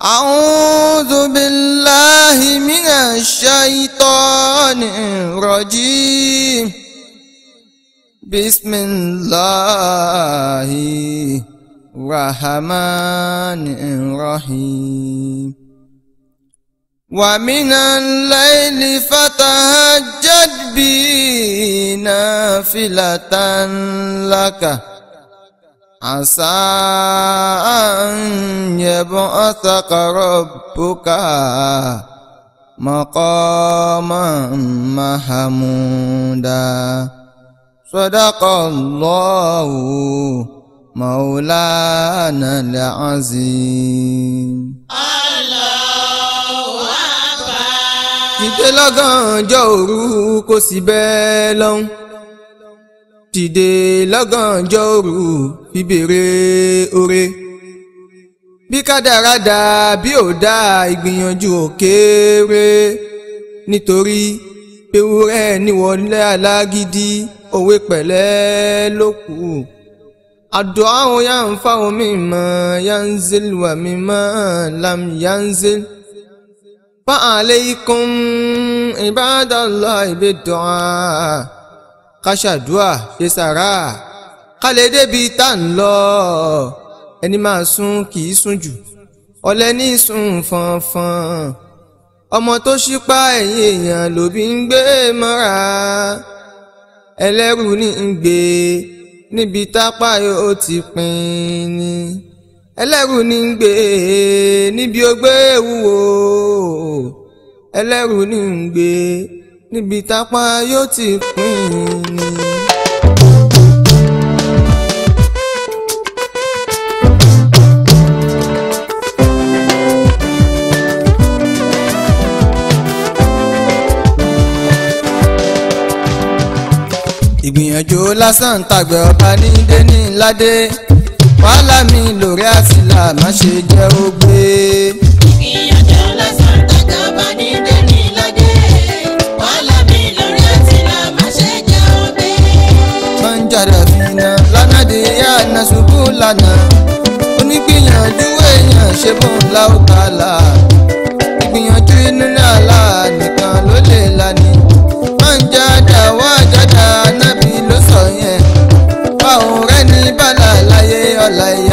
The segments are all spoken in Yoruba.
أعوذ بالله من الشيطان الرجيم بسم الله الرحمن الرحيم ومن الليل فتهجد بي نافلة لك عسى أن يبعثك ربك مقاما محمودا صدق الله مولانا العظيم dìde lọ́gànjọ́ òru kò sí bẹ́ẹ̀ lọ́hùn dìde lọ́gànjọ́ òru bíbèrè oore bí kádàrá dáa bí ò dáa ìgbìyànjú ò kéré nítorí pé wúrẹ́ níwọlé alágídí òwe pẹ̀lẹ́ ló kù àdúà àwọn yà ń yanzil wà mímọ́ lam yanzil fa alaykum ibadallah ibi dùn á ṣe sàrà kálẹ̀ débi tá à ń lọ ẹni máa sùn kì í sùn jù ọ̀lẹ ní sùn fọ̀nfọ̀n ọmọ tó ṣípá ẹ̀yìn èèyàn lòbí ń gbé mọ́ra ẹlẹ́rù ní ń gbé níbi tápá yóò ti pin ni ẹlẹ́rù ní ń gbé níbi ogbé wúwo ẹlẹ́rù ní ń gbé níbi tápá yóò ti pin ni. òjò lásán tàgbẹ̀ ọba ní déní ládé wàhálà mi lórí àsìlà má ṣe jẹ́ ó gbé. ìyàjọ́ lásán tàgbẹ̀ ọba ní déní ládé wàhálà mi lórí àsìlà má ṣe jẹ́ ó gbé. wọ́n ń jàdà fínà lánàá di yá àná ṣubú lánàá onígbìyànjú èèyàn ṣe bóun láwùká là ìgbìyànjú inú náà là nìkan ló lè lànà. your life.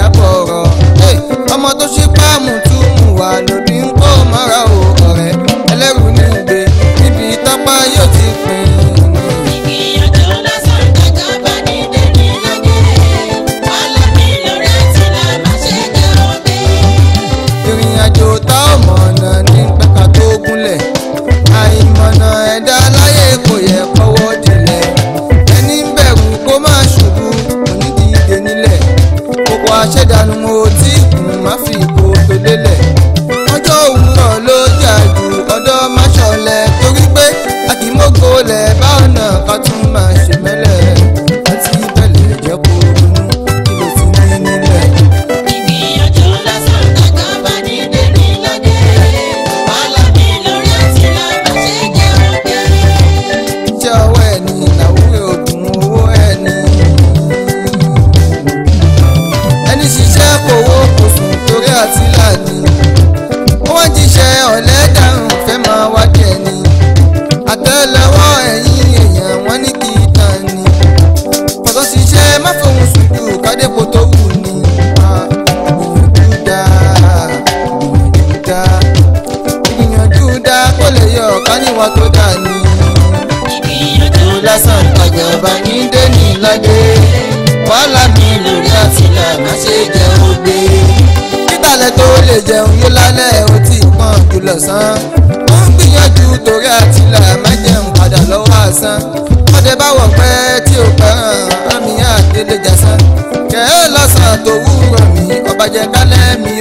jẹ́ kálẹ̀ mi.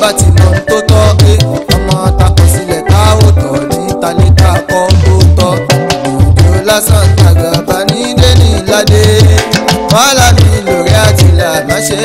bá ti mọ ohun tó tọ́ ẹ ọmọ takò sílẹ̀ tá ò tọ̀ ní tálíkà kọ́ tó tọ́ ìlú lásán àgàbà ní dẹ́nìládé wàhálà mi lórí àtìlà má ṣe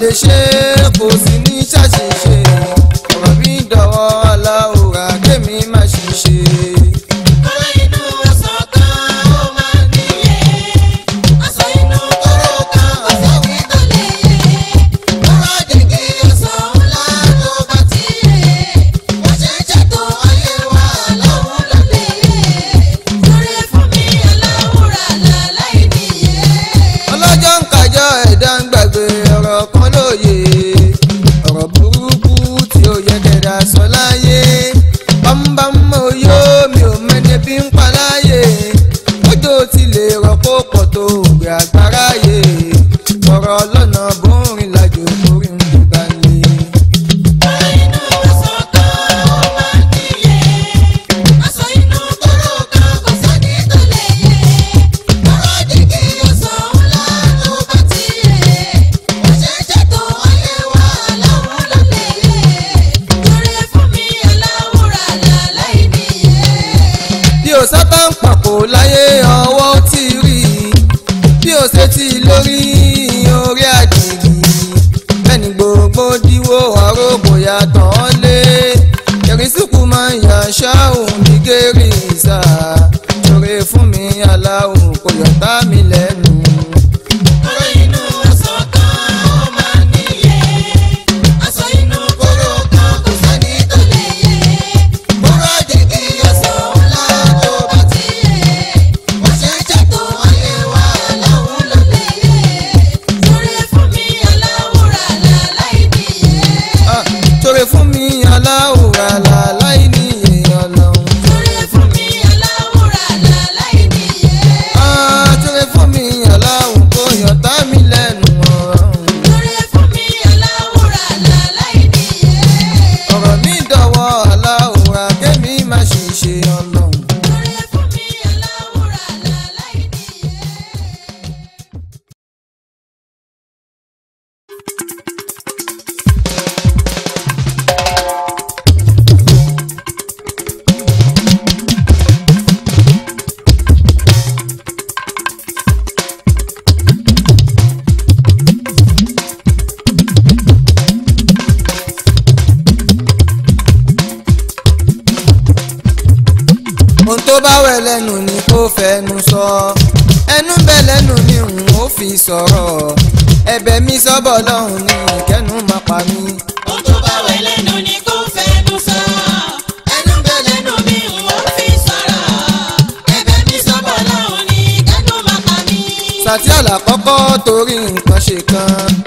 lè ṣe kò sí ní ṣàṣìṣe.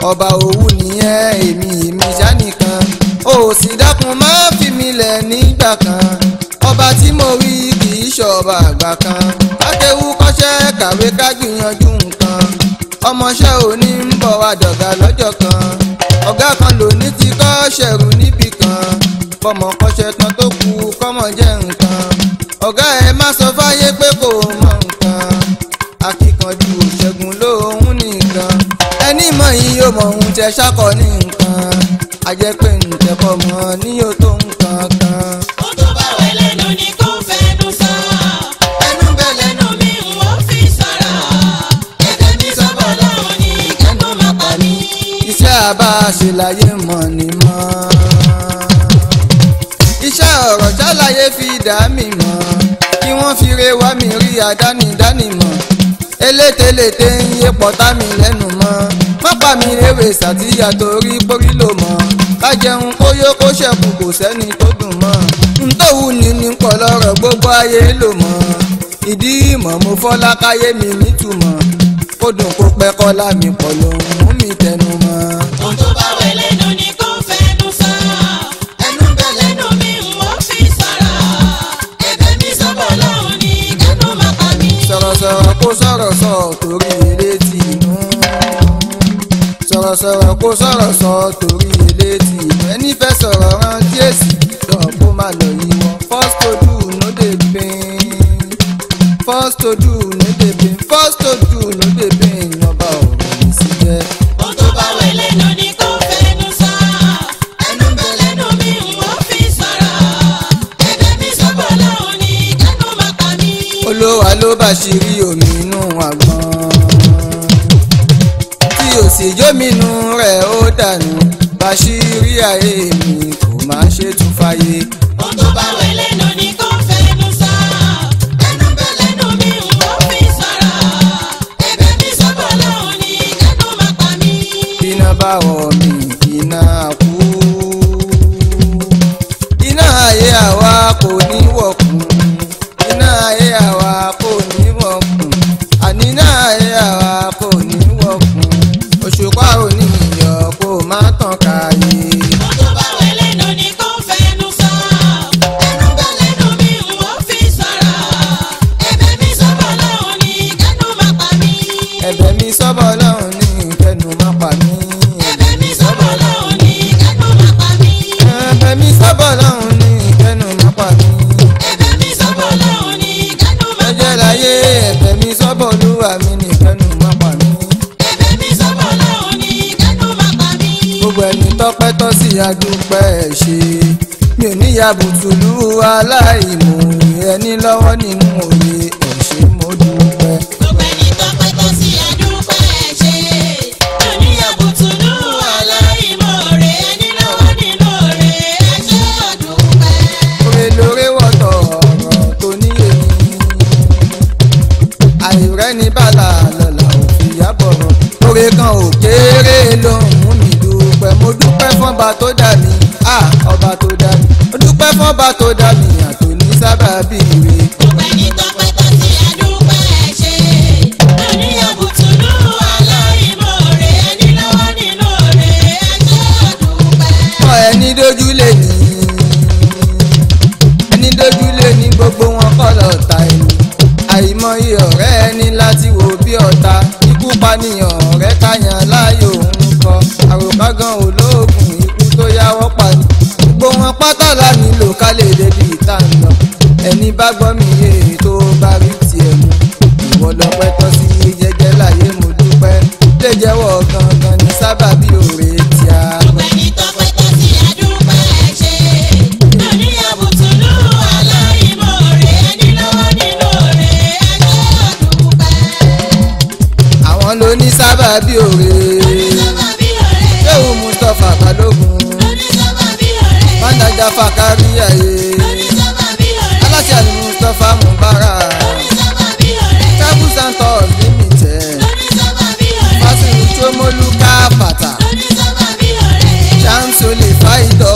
ọba òwú nìyẹn èmi mi ṣá nìkan o sì dákun má fi mi lẹ̀ nígbà kan ọba tí mo wí kì í ṣọba àgbà kan akéwú kọ́ṣẹ́ kàwé ká gbìyànjú nǹkan ọmọọṣẹ́ òní ń bọ̀ wá dọ̀gá lọ́jọ́ kan ọ̀gá kan lòní ti kọ́ ṣẹ̀rù níbì kan fọmọ kọ́ṣẹ́ tán tó kù kọ́mọ jẹ́ nǹkan ọ̀gá ẹ má sọ fáyé. ọmọ yìí yóò mọ ohun tẹ ṣàkọ ní nǹkan a jẹ́ pé ǹtẹ̀kọ̀ mọ́ ní yóò tó nǹkan kan. bá wẹ̀ ni kò fẹ́nu sọ. ẹnu mi n ó mi sọ́bọ̀ lọ́rùn ni ìkẹ́kọ̀ọ́ máa pa mí. iṣẹ́ àbá ṣe láyé mọ̀ ni mọ́. iṣẹ́ ọ̀rọ̀ jáláyé fi dá mi mọ̀ kí wọ́n fi re wá mi rí adánidánimọ̀ elételète ń yé pọ̀tá mi lẹ́nu mọ́ mọ́pà mi ewé sàtìyà torí borí ló mọ̀ ká jẹun kó yó kó ṣẹ̀kù kò sẹ́ni tó dùn mọ́ ntòwú ni ní pọ̀ lọ́rọ̀ gbogbo ayé ló mọ̀ ìdí ìmọ̀ mo fọ́lá káyé mi nítumọ̀ kó dùn kó pẹ́ kọ́lá mi pọ̀ lòun mú mi tẹnu mọ́. ohun sọ̀rọ̀. kó sọ̀rọ̀ sọ̀ torí mọ̀ sọ̀rọ̀ kó sọ̀rọ̀ sọ torí eléètì ẹni fẹ́ sọ̀rọ̀ rántí èsì lọ kó má lọ yí wọn. first to do no dey pain first to do no dey pain first to do no dey pain ọba ọ̀rọ̀ mi sí jẹ́. olówó ló bá ṣe rí omi. àṣírí ayé. sọ́bọ̀ mi. ẹ̀bẹ̀ mi sọ́bọ̀ lọ́hùn mi. ẹ̀jẹ̀ láyé ẹ̀bẹ̀ mi sọ́bọ̀ olúwa mi ní ìkẹ́nu mi. ẹ̀bẹ̀ mi sọ́bọ̀ lọ́hùn ní ìkẹ́nu lápá mi. ẹni tọ́pẹ́ tọ́ sí adúpẹ́ táyàn láyò ń kọ àròkágan olóògùn ikú tó yáwọ́ pani gbogbo wọn pátá la nílò ká lè débi ìta ń ẹni bá gbọ́ mi yé e. onísọ́bà bí òre. Ṣéwù Mustapha Balógun. Mánájà Fakari Ayé. Aláṣẹ àlè Mustapha Mubara. Travel Santos Limited. Fásitì Chomolu Káfàtà. Ṣáńsó lè fáìdọ̀.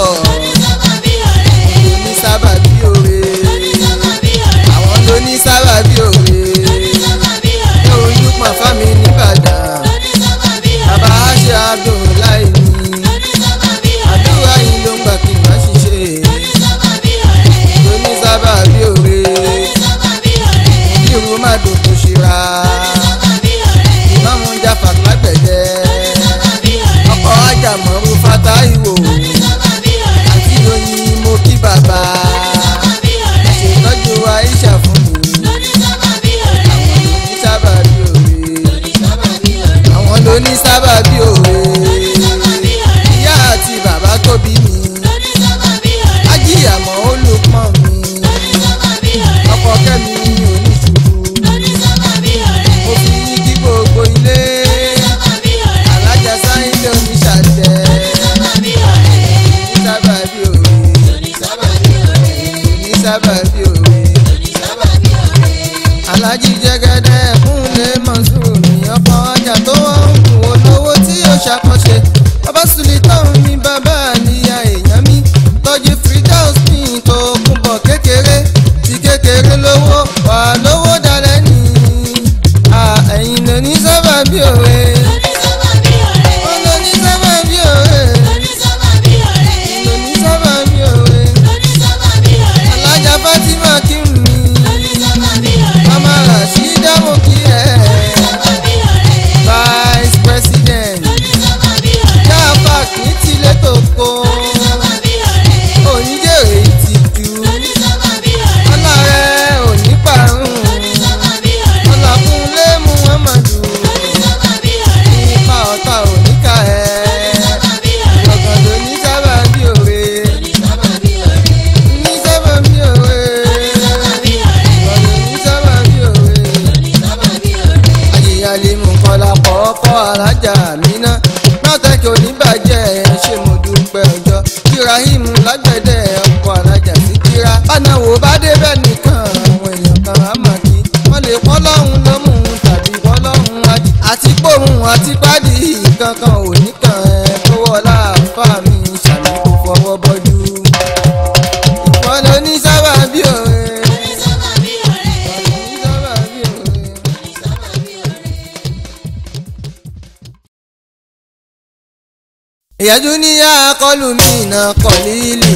ìyájú ní yá kọlù mí iná kọ̀lí ìlì.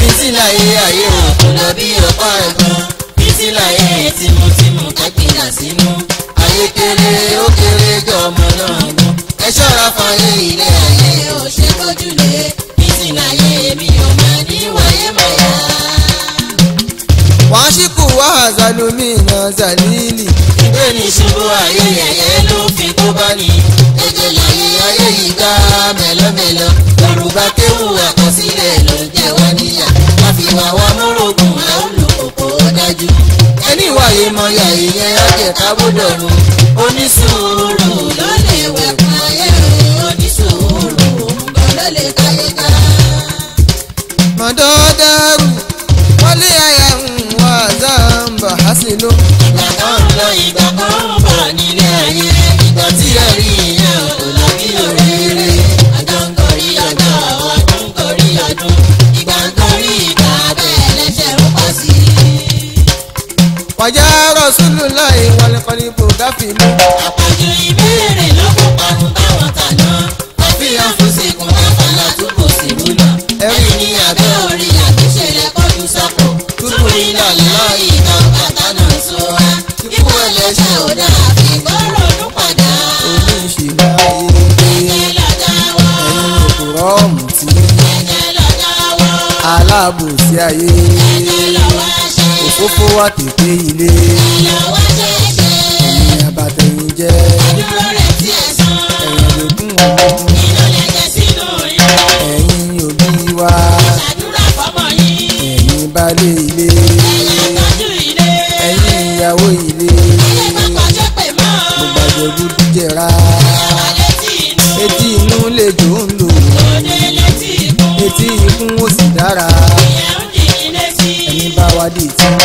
fìtílà yé ayé òkun lọ bí ọ̀pá ẹ̀gbọ́n fìtílà yé tìmùtìmù kẹ́kìlà sínú. ayé kéré ó kéré jọ ọmọ náà gùn. ẹ ṣọ́ra fàyè ilé ayé ò ṣe tójú lé fìtílà mi ò máa ní wáyé mọ́yá. wàá ṣíkù wàhálà zalumi iná zalili gbé ní ṣubú ayé yẹyẹ ló fi kó bá ní. ẹjẹ láyé ayé yìí ká mẹ́lọ́mẹ́lọ́ yorùbá kéwù àkọsílẹ̀ ló jẹ́ wá níyà àfihàn wa mọ́rọ̀gùn àlùkòkò ọ̀dájú. ẹni wàyé mọ̀yà ìyẹn àjẹká gbọ́dọ̀ mu onísùúrù ló lè wẹ̀ káyé onísùúrù ló lè káyé ká. mọ̀dọ́ dẹ́rù wọlé ẹ̀yẹ̀ ń wá zamba hasinu. wàjà Rasulullah ìwọlẹ́kọ̀ọ́lì bògáfì mi. àpàjù ìbéèrè ló kó parun táwọn tà náà wọ́n fi àfúnṣekùn láfàlà túbò sí múlò. ẹni abẹ́ orí àtúnṣe lẹ́kọ́dún sọ́kò túbò iná lọ́ iná bàtánà sọ wa ipò ẹlẹ́ṣẹ̀ ò dáa fi gbọ́rọ̀ ọdún padà. omi ìṣìlá yé ẹni òkúrọ̀ ọ̀mùtí aláàbòsí ayé. ẹni lọ́wọ́ ó fún wa tètè ilé. ìyàwó jẹ́ jẹ́. ẹ̀yin abatẹ̀yìn jẹ́. àdúrà rẹ̀ tí ẹ̀ sàn. ẹ̀yin àjòkún wọn. inú lẹ́jẹ̀ sínú yẹn. ẹ̀yin òbí wa. ṣàdúrà fọ́mọ yín. ẹ̀yin baálé ilé. ẹ̀yin tọ́jú ilé. ẹ̀yin ìyàwó ilé. ẹ̀yin pápá jẹ́ pè mọ́. gbogbo àjẹ̀bú jẹra. ìyàwó létí inú. etí inú lè jò ń lò. òde létí ikún. etí ikún ó sì dára. ìyàwó kì í létí. ẹ̀yin bá wa dì í tán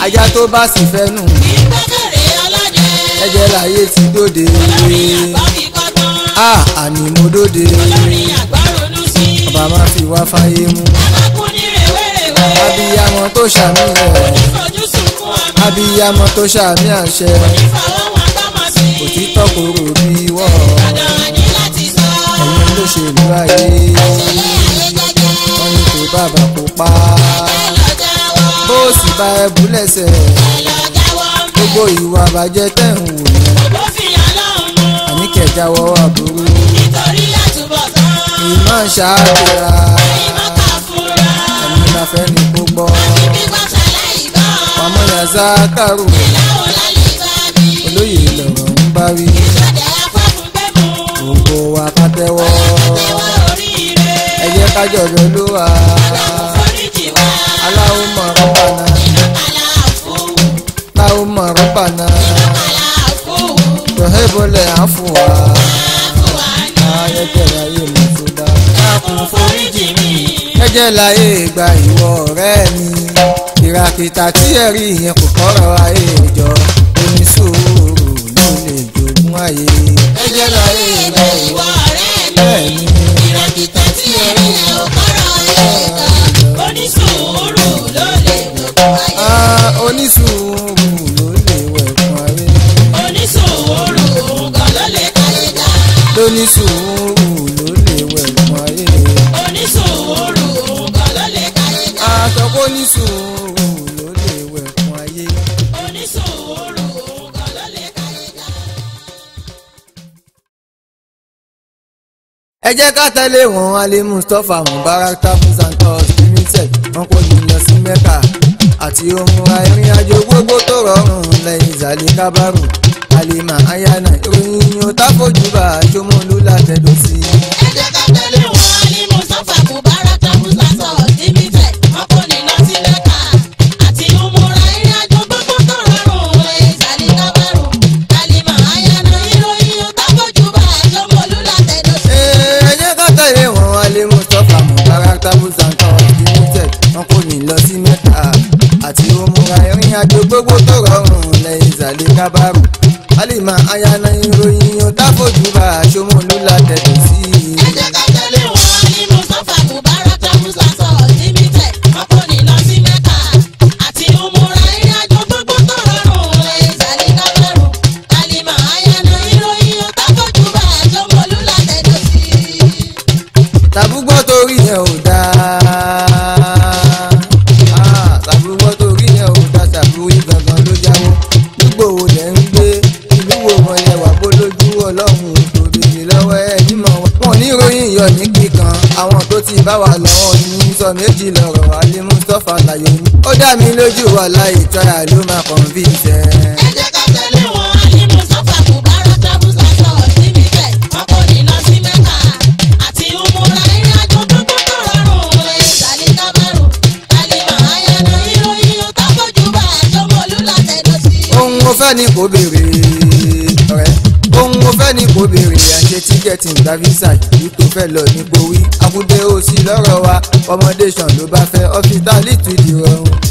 ajá tó bá sì fẹ́nu. ìgbẹ́kẹ̀rẹ́ ọlọ́dẹ. ẹ̀jẹ̀ láyé ti dòde. olórin àgbà mi kọ́gbọ́n. a àní mo dòde. olórin àgbà ronú sí. bàbá má fi wá fáyé mú. alákùnrin rèwerèwe. abiyamọ tó ṣàmì rẹ̀. onífojú sunkún ọmọ. abiyamọ tó ṣàmì àṣẹ. onífọwọ́wọ́ àgbọ̀mọ̀ sí. òtítọ́ kòrò bí wọ́. ọ̀dọ̀ ẹni láti sọ. ẹ̀yin ló ṣèlú ayé. àṣẹlẹ̀ àyè jẹjẹ. wọ́n ní bó sì bá ẹ bú lẹ́sẹ̀ gbogbo ìwà àbàjẹ́ tẹ̀ ń wò yẹn àní kẹjà wọ́wọ́ àbúrò ìmọ̀ ṣáàbùrà ẹ̀mí la fẹ́ ní gbogbo ọmọ yàtọ̀ àkàrò olóyè lọ̀rọ̀ ń bá wí gbogbo wa ká tẹ́wọ́ ẹ jẹ́ ká jọ̀dọ̀ ló wà. Allahumma rabbana. Allahumma rabbana. Tuhibul afwa. Ayẹ̀jẹ̀ láyé mi tó bá. Dàkún foríjì mi. Ẹ̀jẹ̀ láyé mi. Ìràkìtà tí ẹ̀rí yẹn kò kọ́rọ̀ ayé ìjọ. tẹ̀lé wọn Ali Mustapha Mubarak tapu santos limited wọn kò ní lọ sí Mẹ́kà àti ohun arìnrìn àjò gbogbo tó rọrùn lẹ́yìn ìzàlẹ̀ kábàrù alima ayana ìròyìn yóò tá fojú bá àjọmọ́lú látẹ̀dọ̀ sí i. lọ sí mẹ́ta àti òmùra ìrìn àjò gbogbo tó rọrùn lẹ́yìn ìsàlẹ̀ kábàrò alima ayana ìròyìn ọ̀tá fojú bá aṣọ́mọ́ wàláhì táyà ló máa convince ẹ. ẹ jẹ́ ká ohun mo fẹ́ ni kò béèrè ọ̀rẹ́ ohun tíkẹ́ẹ̀tì ń gba visa yìí tó fẹ́ lọ ní gbowí akúndé ó sì lọ́rọ̀ wa accommodation ló bá fẹ́ ọ́fíìsì tá a lè tu ìdìrọ̀rùn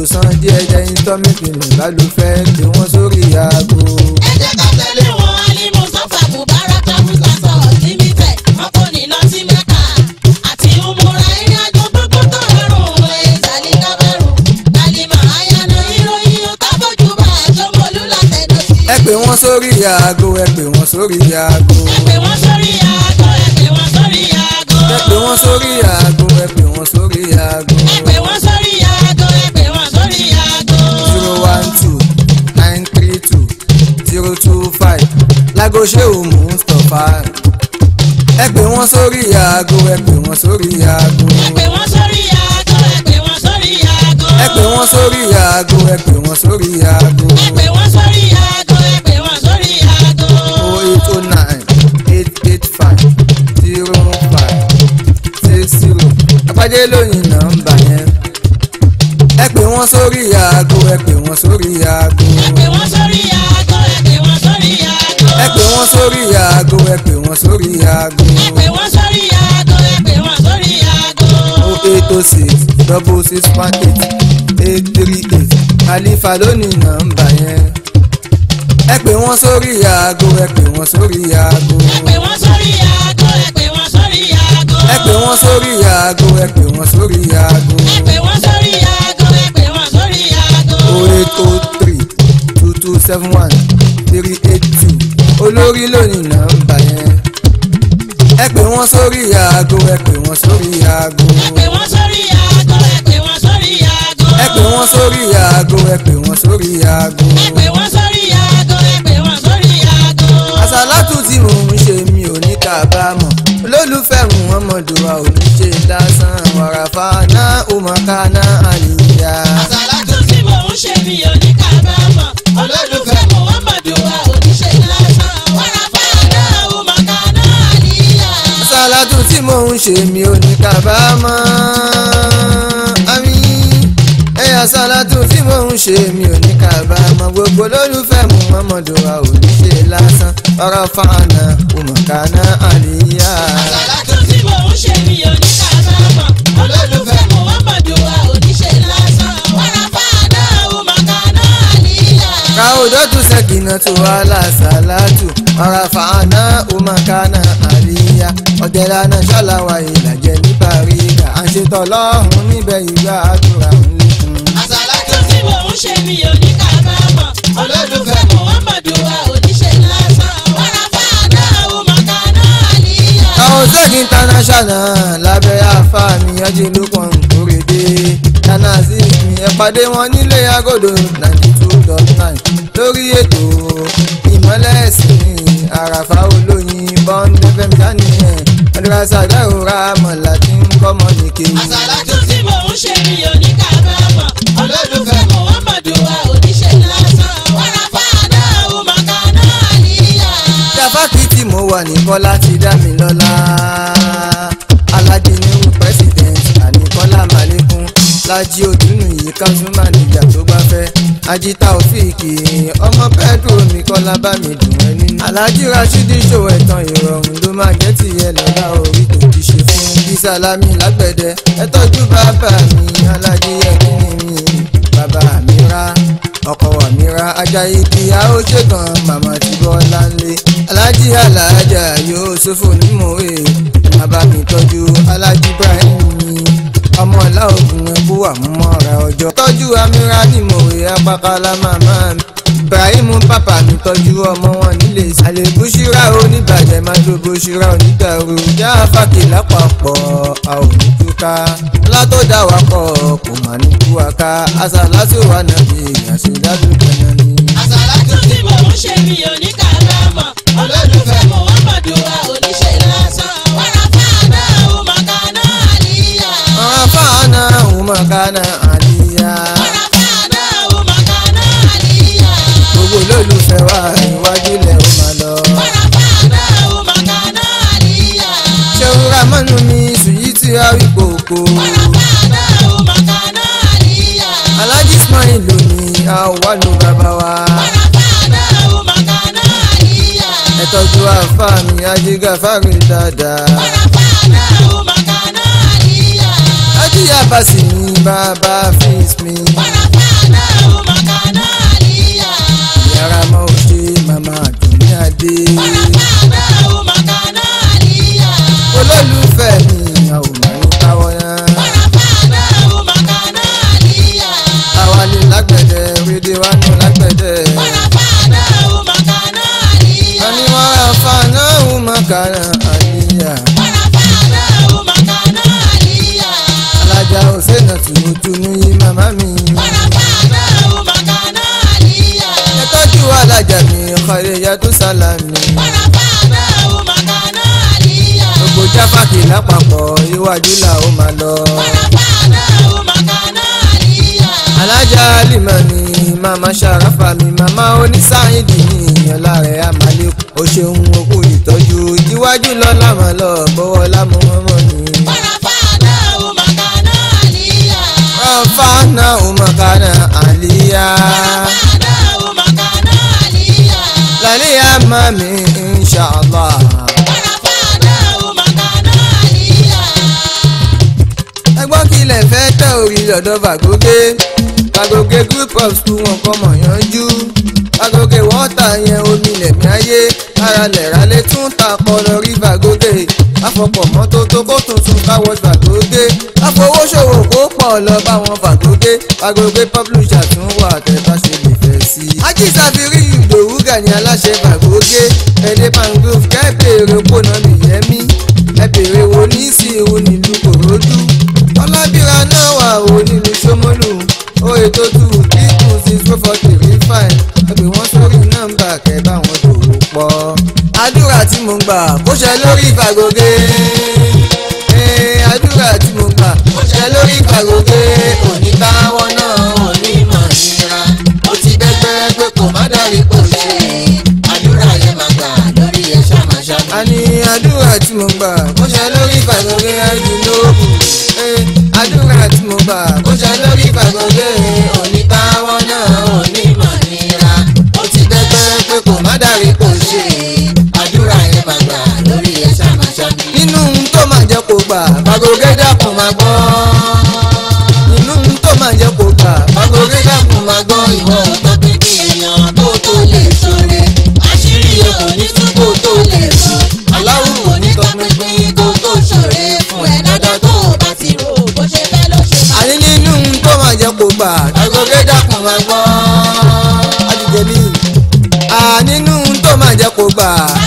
kò san díẹ̀ jẹ́ ìtọ́mìkìlì bálùfẹ́ tí wọ́n sórí aago. ẹ jẹ́ ká tẹ̀lé wọn ní mustapha mubarak amusa sọ̀rọ̀ limited mọ́kò ní mẹ́ka àti umura ìrìn àjò gbogbo tó rọrùn ẹ̀ẹ́dàlí kábẹ́rù dalima ayana ìròyìn ọ̀tàbọ̀jú bá àjọmọ̀lú látẹ̀dọ̀ sí. ẹ pè wọ́n sórí aago ẹ pè wọ́n sórí aago. ẹ pè wọ́n sórí aago ẹ pè wọ́n sórí aago. ẹ pè wọ́n sórí aago ẹ pè wọ́n sórí aago. lágo Ṣéhù Mustapha ẹ pè wọ́n sórí aago ẹ pè wọ́n sórí aago. ẹ pè wọ́n sórí aago ẹ pè wọ́n sórí aago. ẹ pè wọ́n sórí aago ẹ pè wọ́n sórí aago. ẹ pè wọ́n sórí aago ẹ pè wọ́n eight eight five zero five six zero. yẹn. ẹ pè wọ́n sórí aago ẹ pè wọ́n sórí aago. sórí aago ẹ pè wọ́n sórí aago. ẹ pè wọ́n sórí aago ẹ pè wọ́n sórí aago. o eight oh six double six one eight eight three eight àlìfà lónìí nọ́mbà yẹn. ẹ pè wọ́n sórí aago ẹ pè wọ́n sórí aago. ẹ pè wọ́n sórí aago ẹ pè wọ́n sórí aago. ẹ pè wọ́n sórí aago ẹ pè wọ́n sórí aago. ẹ pè wọ́n sórí aago ẹ pè wọ́n sórí aago. o eight oh three two two seven one three eight two olórí lónìí nọ́mbà yẹn ẹ pè wọ́n sórí aago ẹ pè wọ́n sórí aago. ẹ pè wọ́n sórí aago ẹ pè wọ́n sórí aago. ẹ pè wọ́n sórí aago ẹ pè wọ́n sórí aago. ẹ pè wọ́n sórí aago ẹ tí mò ń ṣe mi ò ní kábàámọ̀ olólùfẹ́ mu ọmọdùwà ò lásán wàràfà náà ó náà àlìyá. àṣàlátù tí mò ń ṣe mi ò ní kábàámọ̀ olólùfẹ́ mu ọmọdùwà ohun tí mò ń ṣe mi ò ní kábàámọ̀ àmín ẹ̀yà sálátù tí mò ń ṣe mi ò ní kábàámọ̀ gbogbo lólùfẹ́ mu mọ́mọ́dún wa ò ní ṣe lásán ọ̀rọ̀ fàánà òmùkánà àríyá. sálátù tí mò ń ṣe mi ò ní kábàámọ̀ olólùfẹ́ mu mọ́mọ́dún wa ò ní ṣe lásán ọ̀rọ̀ fàánà òmùkánà àríyá. káwọ́ dọ́tún sẹ́kìnà tó wà lásàlátù rafa'ana umakana àríyá ọ̀jẹ̀lànà ṣọ́làwà ìlàjẹ̀ ní bàríga àṣetọ̀ lọ́hùn-ún níbẹ̀ ìwé àdúrà ń lékun. àṣàlá tó tí mò ń ṣe mi ò ní kábàámọ̀ olólùfẹ́ muhammadu wa oníṣẹ́ lásán rafa'ana umakana àríyá. kaosek international lábẹ́ afa mi ọjọ́ ìlú kan kórede nana sí mi ẹ pàdé wọn nílé agodo ninety two dot nine lórí ètò ìmọ̀lẹ́sìn àràfà olóyin bọ́ńdé fẹ́mi dání ẹ̀ ọdúnrún àgbẹ̀ òra mọ̀lá tí ń kọ́ mọ́ ní kéwì. àṣàlá tó ti mò ń ṣe ni oníkàbámọ̀ olólùfẹ́ Muhammadu wa oníṣẹ́ lásán wàràfà náà ó máa ka náà tí mo wà ní Kọ́lá ti dá mi lọ́lá aládé ní pẹ́sidẹ̀ntì àní Kọ́lá Màlékún Lájí yìí kan tún máa níjà tó ajita òfìkì ọmọ pẹ́ẹ́dù omi kọ́lá bá mi dùn ẹ́ nínú. alhaji rashidi ṣòwò ẹ̀tàn ìrọ̀rùn ló máa jẹ́ tìyẹ lọ́lá orí tó ti ṣe fún. ìsàlámì lágbẹ̀dẹ ẹ tọ́jú bàbá mi alhaji ẹ̀kíní mi bàbá mi rá ọkọ̀ wà mí rá ajayi bí a ó ṣe gan màmá ti bọ́ láńlé. alhaji alájà yóò ṣòfò nímọ̀wé bàbá mi tọ́jú alhaji ibrahim mi ọmọ ìlà ògùn ẹkú wà mọ́ra ọjọ́. tọ́jú amíra ní mòwe apákálá màmá mi. Ibrahim pàpà mi tọ́jú ọmọ wọn nílé sí. àlèbù ṣíra oníbàjẹ́ máa tó bó ṣíra onídàrú. já fàkì lápapọ̀ a ò ní túká. látó dá wa pọ̀ kò mà ní kú wa ká. àṣàlásù wa nàbí àṣedájú kankan ni. àṣàlásù tí mo ń ṣe mi ò ní kàrà mọ́ olólùfẹ́ Muhammadu wa ò mọ̀kánà àlìyá. gbogbo olólùfẹ́ wa iwájú lẹ̀ ó máa lọ. ṣéwú ramọ́nù mi sùyìtì àwí gbòòkò. alájí ismail lónìí àwa ló bàbá wa. ẹ tọ́jú àfáà mi ajígàfáà mi dáadáa. bí abasi ni me. wàràpá náà ò mọ̀ká náà níyà. yàrá mọ́ òde màmá àdùnní adé. wàràpá náà pàtì lápapọ̀ iwájú là ó máa lọ. alájà lima ni màmá ṣàràfà mi màmá onísáyìndì ni ìyànlá rẹ̀ àmàlẹ́ o ṣeun okú ìtọ́jú iwájú lọ lámàá lọ bọ́wọ́ lámú ọmọ mi. rọ̀fánà òmàkánà àlíyá. lálẹ́ àmà mi inṣàlá. lẹ̀ fẹ́ tẹ̀ orí ọ̀dọ̀ bàgógé bàgógé group of school wọn kọ́ mọ̀ yanjú bàgógé wọ́ọ̀tà yẹn omi lẹ̀mí ayé ara lẹ̀ra lè tún ta kọlọ rí bàgógé afọpọ̀ mọ́tò tó kó tuntun káwọ́ bàgógé afowóṣòwò kó pọ̀ lọ bá wọn bàgógé bàgógé publisher tún wà tẹ́tà ṣe lè fẹ́ sí i. ajísà fi ìdòwú gani aláṣẹ bàgógé ẹ̀dẹ́ mangrove kẹ́ẹ̀pẹ̀rẹ̀ kóná nìyẹn mi ẹ̀pẹ̀rẹ̀ wo ní ìsìn ìhun nílùú kòròdú onílù sómólù oye tó tù dínkù six four four three five ẹgbẹ́ wọn sórí nọ́mbà kẹbà wọn dòwò pọ̀. àdúrà tí mo gbà kó ṣe lórí ìfàgògé àdúrà tí mo gbà kó ṣe lórí ìfàgògé òní bá náà wọn ní màá nira ó ti dẹgbẹ́ pé kò má dárí kò ṣe àdúrà yẹn máa gbà lórí ẹ̀ ṣàmàṣàmà. a ní àdúrà tí mo gbà kó ṣe lórí ìfàgògé ẹ̀jú lóògùn àdúrà tí mo gbà. mo ṣe lórí fàgọ́lé òní báwọn náà òní mọ̀ nira. ó ti dẹ́gbẹ́ pé kò má dàrí kò ṣe àdúrà yẹn máa lórí ẹ̀ṣá màṣá mi. tó máa jẹ́ kó gbà fàgọ́gẹ́dà kò máa gbọ́. ¡Gracias!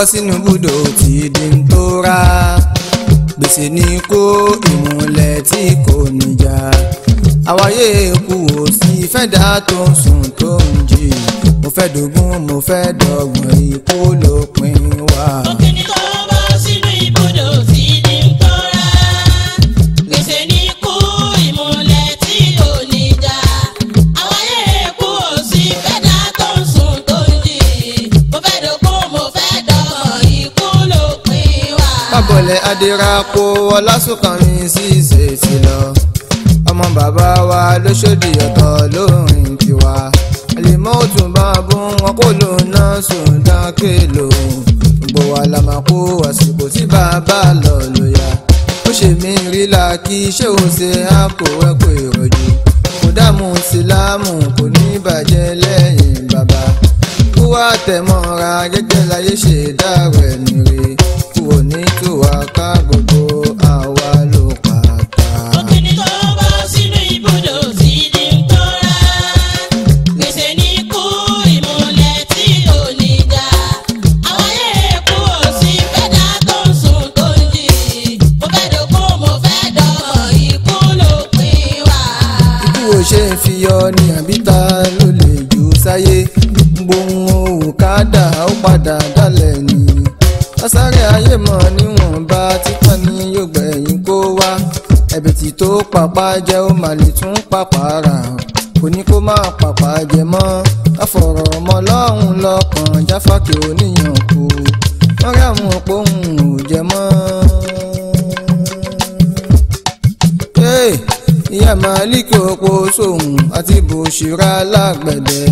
bọ́ sínú búdò tí di ń tó ra gbèsè ní kó ìmùlẹ̀ tí kò níjà àwáyé kú ò sí fẹ́dà tó ń sùn tó ń jì mo fẹ́ dógún mo fẹ́ dọ́gbọ̀n ikú lópin wá. abọ̀lẹ̀ adirapo ọlásùnkànmí sí ìṣèṣì lọ ọmọ bàbá wa lóṣòdì ọ̀tọ̀ lóhùn tiwa àlèmọ́ òtún bá bún wọn kó lòun náà sùn dákẹ́ lòun gbogbo wa la máa kó àsìkò tí bàbá lọ lóya ó ṣe mí rí la kí ṣé o ṣe á kó ẹ̀kọ́ ìrọ̀jú kò dààmú síláàmù kò ní bàjẹ́ lẹ́yìn bàbá kú wa tẹ̀ mọ́ra gẹ́gẹ́ láyé ṣe dárò ẹ̀mí rèé kú òní tú wa ká gbogbo àwa. pàpàrà òní kó má pàpà jẹ mọ́ káfọ̀rọ̀ ọmọ lọ́kàn jáfàkì oníyàn kú wọ́n àwọn òpó ò jẹ mọ́. ìyá màálíkì òpó sóhun àti bòṣìrà lágbẹ̀dẹ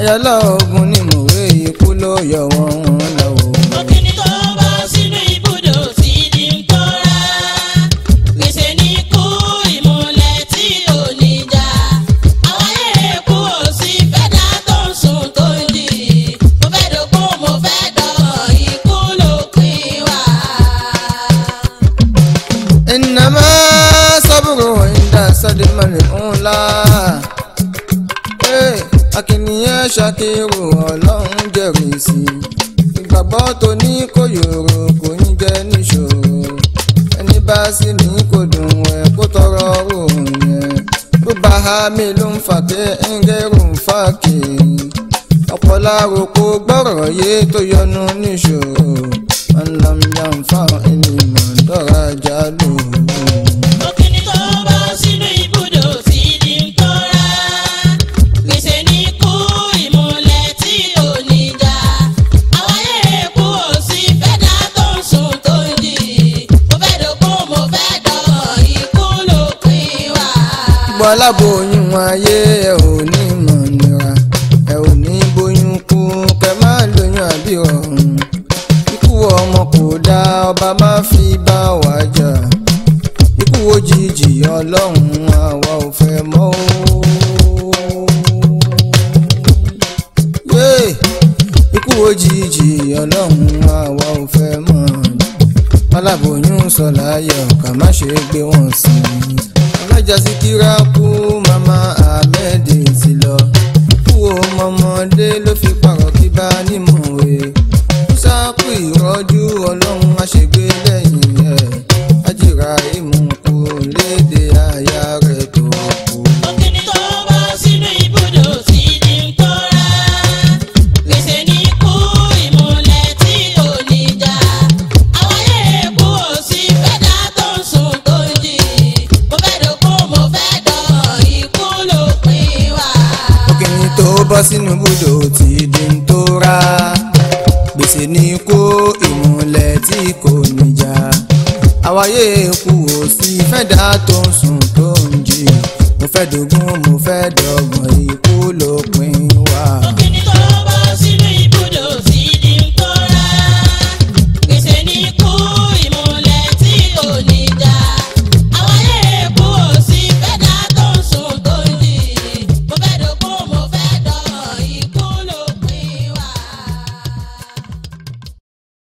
ayálà ogun ni mòwe ikú ló yọ wọ́n wọn lọ. ṣàkíyèwò ọlọ́run jẹ̀rìí sí i ìgbàgbọ́ tó ní kò yòrò kò ní jẹ́ níṣòro ẹni bá sì ní kò dùn ẹ̀ kó tọrọ òun yẹn ló bá hami ló ń fàtẹ́ ẹ̀ńgẹ́rù ń fà kìí ọ̀pọ̀láwo kó gbọ́rọ̀ yé tó yọnu níṣòro ọ̀nàmìyànfà ènìyàn dọ́ra jálù. aláboyún ayé ẹ ò ní mọ̀ nira ẹ ò ní bóyún kú kẹ má lóyún àbí ọ̀run ikú ọmọ kò dá ọba má fi bá wa jà ikú òjijì ọlọ́run àwa ò fẹ́ mọ́ o. ikú òjijì ọlọ́run àwa ò fẹ́ mọ́ aláboyún sọ láyọ̀ ká má ṣe gbé wọn sí i alájà sí kíra kú.